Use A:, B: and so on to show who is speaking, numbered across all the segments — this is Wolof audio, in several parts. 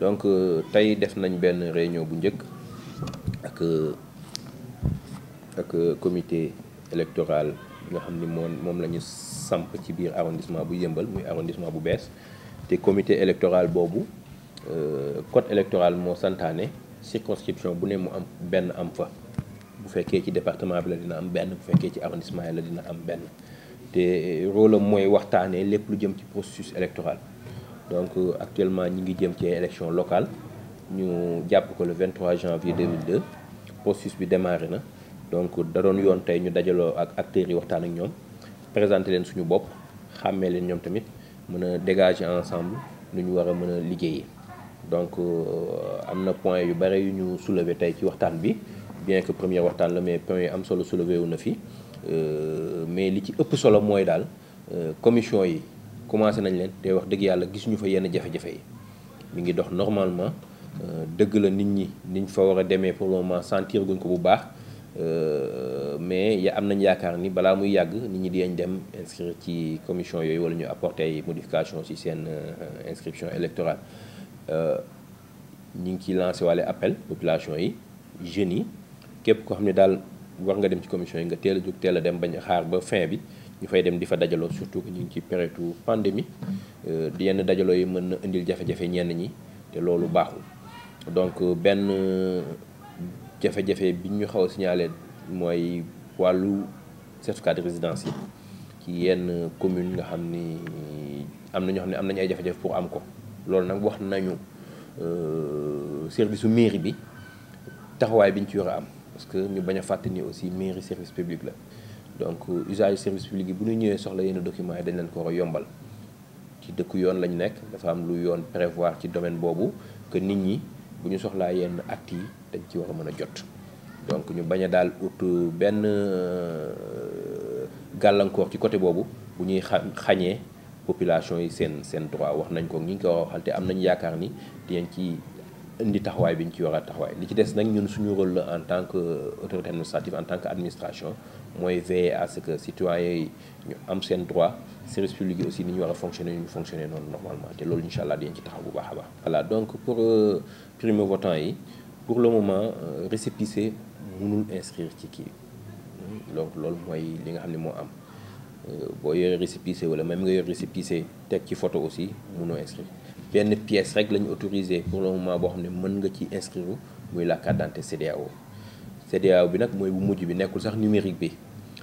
A: donc euh, tey def nañ benn réunion bu njëkk ak ak comité électoral bi xam ni moom moom la ñu samp ci biir arrondissement bu yëmbal muy arrondissement bu bees te comité électoral boobu euh, code électoral moo santaane circonscription bu ne mu am benn am fa bu fekkee ci département bi la dina am benn bu fekkee ci arrondissement yi la dina am benn te rôle mooy waxtaanee lépp lu jëm ci processus électoral donc euh, actuellement ñi ngi jëm ci élection locale ñu jàpp ko le 23 janvier 2002 processus bi démarré na donc da doon yoon tey ñu dajaloo ak acteurs yi waxtaan ak ñoom présenté leen suñu bopp xàmmee leen ñoom tamit mën a dégager ensemble lu ñu war a mën a liggéeyee donc euh, am na point yu bare yu ñu soulever tey ci waxtaan bi bien que premier waxtaan la mais point am solo soulever wu na fi euh, mais li ci ëpp solo mooy daal commission yi commencé nañ leen te wax dëgg yàlla gisuñu fa yenn jafe-jafe yi mi ngi dox normalement euh, dëgg la nit ñi niñ fa war a demee pour le moment guñ ko bu baax euh, mais ya am nañ yaakaar ni balaa muy yàgg nit ñi dinañ dem inscrire ci commission yooyu wala ñu apporter ay modification ci seen euh, inscription électorale ñu ngi ciy lancé waale appel population yi jeunes yi képp koo xam ne daal war nga dem ci commission yi nga teel a jóg teel a dem bañ xaar ba fin bi ñu fay dem di fa dajaloo surtout que ñu ngi ci période pandémie euh, di yenn dajaloo yi mën na indil jafe-jafe ñenn ñi te loolu baaxul donc euh, benn jafe-jafe bi ñu xaw a signalé mooy wàllu certificat de résidence yi ci yenn commune nga xam ni am na ñoo xam ne am nañu ay jafe-jafe pour am ko loolu nag wax nañu euh, service su mairie bi taxawaay bi ñu ci war a am parce que ñu bañ a fàtte ni aussi mairie service public la donc usage service public yi bu ñu ñëwee soxla yenn document yi dañ leen ko war a yombal ci dëkku yoon lañ nekk dafa am lu yoon prévoir ci domaine boobu que nit ñi bu ñu soxlaa yenn actes yi dañ ci war a mën a jot donc ñu bañ a daal ut benn euh, gàllankoor ci côté boobu bu ñuy xa xañee population yi seen seen droit wax nañ ko ñi ngi ko waxal te am nañ yaakaar ni dinañ ci indi taxawaay bi ñu ci war a taxawaay li ci des nag ñun suñu rôle la en tant que autorité administrative en tant que administration mooy veiller à que citoyens yi ñu am seen droit service public yi ni ñu war a fonctionner ñu fonctionner noonu normalement te loolu incha allah dinañ ci taxaw bu baax a baax. voilà donc pour euh, primo votant yi pour le moment euh, récépissé mënul inscrire ci kii donc loolu mooy li nga xam ne moo am. Euh, boo yore récépissé wala même nga yore récépissé teg ci photo aussi mënoo benn pièce rek lañu ñu autorisé pour le moment boo xam ne mën nga ci inscrire muy la carte d'identité CEDEAO CEDEAO bi nag mooy bu mujj bi nekkul sax numérique bi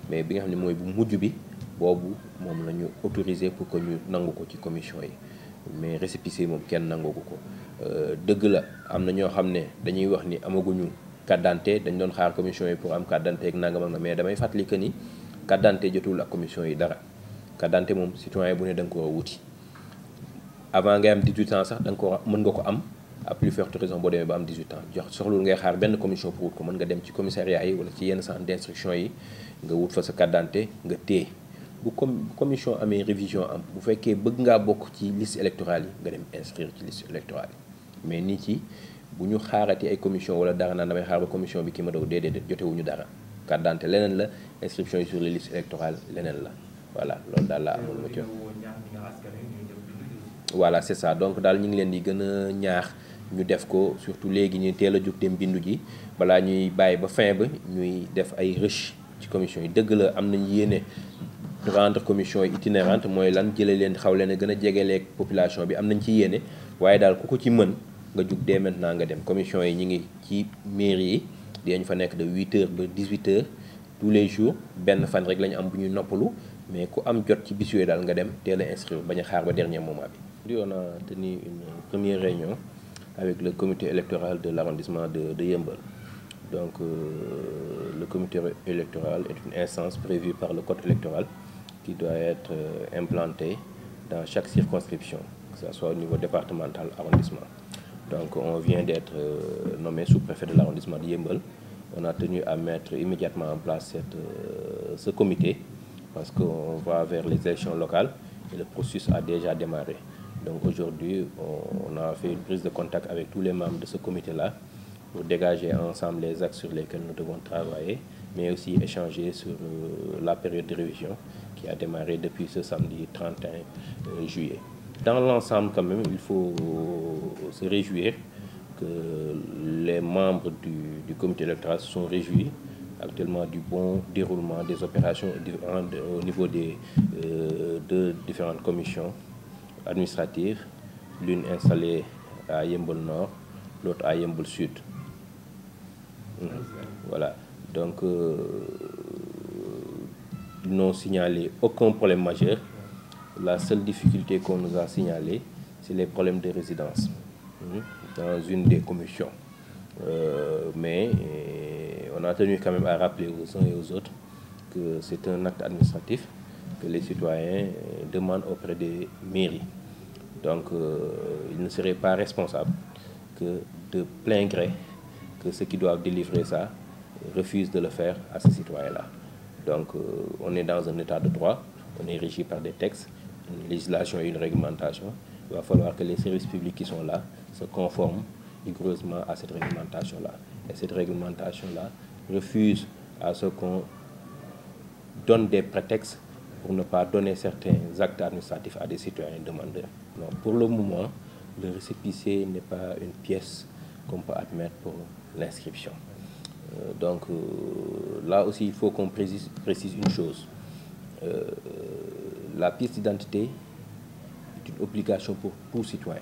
A: mais bi nga xam ne mooy bu mujj bi boobu moom la ñu autorisé pour que ñu nangu ko ci commission yi mais récépissé moom kenn nangu ko euh, dëgg la am na ñoo xam ne dañuy wax ni amaguñu carte d'identité dañ doon xaar commission yi pour am carte d'identité ak nangam ak na mais damay fàttali que ni carte d'identité jotul ak commission yi dara carte d'identité moom citoyen bu ne da ko wuti avant ngay am 18 ans sax da ko mën nga ko am à plus forte raison boo demee ba am 18 ans jox soxlu ngay xaar benn commission pour wut ko mën nga dem ci commissariat yi wala ci yenn centre d'instruction yi nga wut fa sa carte nga téye bu commission amee révision am bu fekkee bëgg nga bokk ci liste électorale yi nga dem mais nit yi bu ñu xaarati wala dara naan damay xaar ba bi ki ma daw déedéet jotewuñu leneen la inscription yi sur les listes électorales leneen la voilà loolu daal amul ma voilà c'est ça donc daal ñu ngi leen di gën a ñaax ñu def ko surtout léegi ñu teel a jug dem bindu ji balaa ñuy bàyyi ba fin ba ñuy def ay riche ci commission yi dëgg la am nañ yéene rendre commission yi itinérante mooy lan jëlee leen xaw leen a gën a jegeleeg population bi am nañ ci yéene waaye daal ku ko ci mën nga jug dee maintenant nga dem commission yi ñu ngi ci mairie yi dinañ fa nekk de 8h ba 18h tous les jours benn fan rek lañu am bu ñuy noppalu mais ku am jot ci bis daal nga dem teel a inscrire bañ a xaar ba dernier moment bi repris, on a tenu une réunion avec le comité électoral de l'arrondissement de, de Yembel. Donc, euh, le comité électoral est une instance prévue par le code électoral qui doit être euh, implantée dans chaque circonscription, que ce soit au niveau départemental, arrondissement. Donc, on vient d'être euh, nommé sous-préfet de l'arrondissement de Yembel. On a tenu à mettre immédiatement en place cette, euh, ce comité parce qu'on va vers les élections locales et le processus a déjà démarré. Donc aujourd'hui, on, a fait une prise de contact avec tous les membres de ce comité-là pour dégager ensemble les axes sur lesquels nous devons travailler, mais aussi échanger sur euh, la période de révision qui a démarré depuis ce samedi 31 euh, juillet. Dans l'ensemble, quand même, il faut se réjouir que les membres du, du comité électoral se sont réjouis actuellement du bon déroulement des opérations au niveau des euh, de différentes commissions administratives, l'une installée à Yembol Nord, l'autre à Yembol Sud. Hmm. Voilà. Donc, euh, ils n'ont signalé aucun problème majeur. La seule difficulté qu'on nous a signalée, c'est les problèmes de résidence hmm, dans une des commissions. Euh, mais eh, on a tenu quand même à rappeler aux uns et aux autres que c'est un acte administratif que les citoyens eh, demandent auprès des mairies. Donc, euh, il ne serait pas responsable que de plein gré que ceux qui doivent délivrer ça refusent de le faire à ces citoyens-là. Donc, euh, on est dans un état de droit, on est régi par des textes, une législation et une réglementation. Il va falloir que les services publics qui sont là se conforment rigoureusement à cette réglementation-là. Et cette réglementation-là refuse à ce qu'on donne des prétextes pour ne pas donner certains actes administratifs à des citoyens demandeurs. Non, pour le moment, le récépissé n'est pas une pièce qu'on peut admettre pour l'inscription. Euh, donc euh, là aussi, il faut qu'on précise, une chose. Euh, la pièce d'identité est une obligation pour tout citoyen.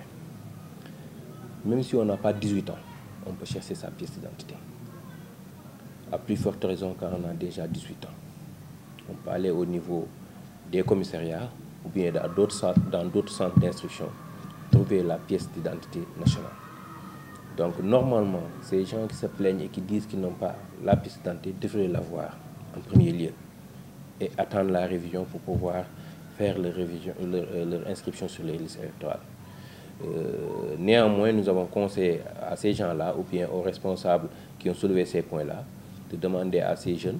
A: Même si on n'a pas 18 ans, on peut chercher sa pièce d'identité. À plus forte raison car a déjà 18 ans. On peut aller au niveau des commissariats, ou bien dans d'autres centres, dans d'autres centres d'instruction, trouver la pièce d'identité nationale. Donc normalement, ces gens qui se plaignent et qui disent qu'ils n'ont pas la pièce d'identité devraient l'avoir en premier lieu et attendre la révision pour pouvoir faire leur, révision, euh, leur, euh, leur inscription sur les listes électorales. Euh, néanmoins, nous avons conseillé à ces gens-là ou bien aux responsables qui ont soulevé ces points-là de demander à ces jeunes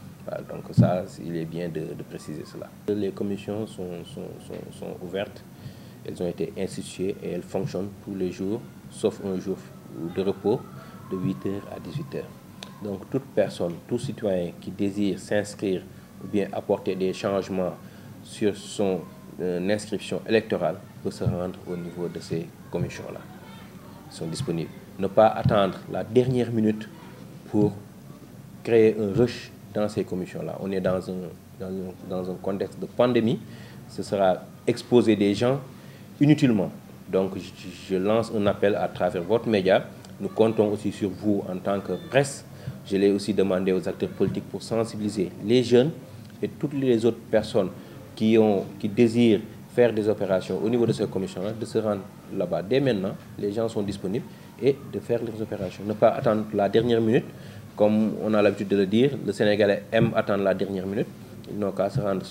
A: Voilà, donc ça, il bien de, de, préciser cela. Les commissions sont, sont, sont, sont ouvertes, elles ont été instituées et les jours, sauf un jour de repos de 8h à Donc toute personne, tout citoyen qui désire s'inscrire ou bien apporter des changements sur son euh, inscription électorale peut au niveau de ces commissions-là. Ils sont attendre la dernière minute pour créer un rush dans ces commissions-là. On est dans un, contexte de pandémie. Ce sera exposer des gens inutilement. Donc je, lance un appel à travers votre média. Nous comptons aussi sur vous en tant que presse. Je l'ai aussi demandé aux acteurs politiques pour sensibiliser les jeunes et toutes les autres personnes qui, ont, qui désirent faire des opérations au niveau de ces commissions de se rendre là-bas dès maintenant. Les gens sont disponibles et de faire leurs opérations. Ne pas la dernière minute Comme on a l'habitude de le dire, le Sénégalais aime attendre la dernière minute. Ils n'ont qu'à se rendre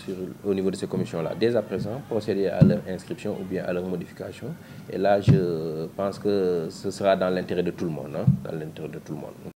A: au niveau de ces commissions-là dès à présent, procéder à leur inscription ou bien à leur modification. Et là, je pense que ce sera dans l'intérêt de tout le monde, dans l'intérêt de tout le monde.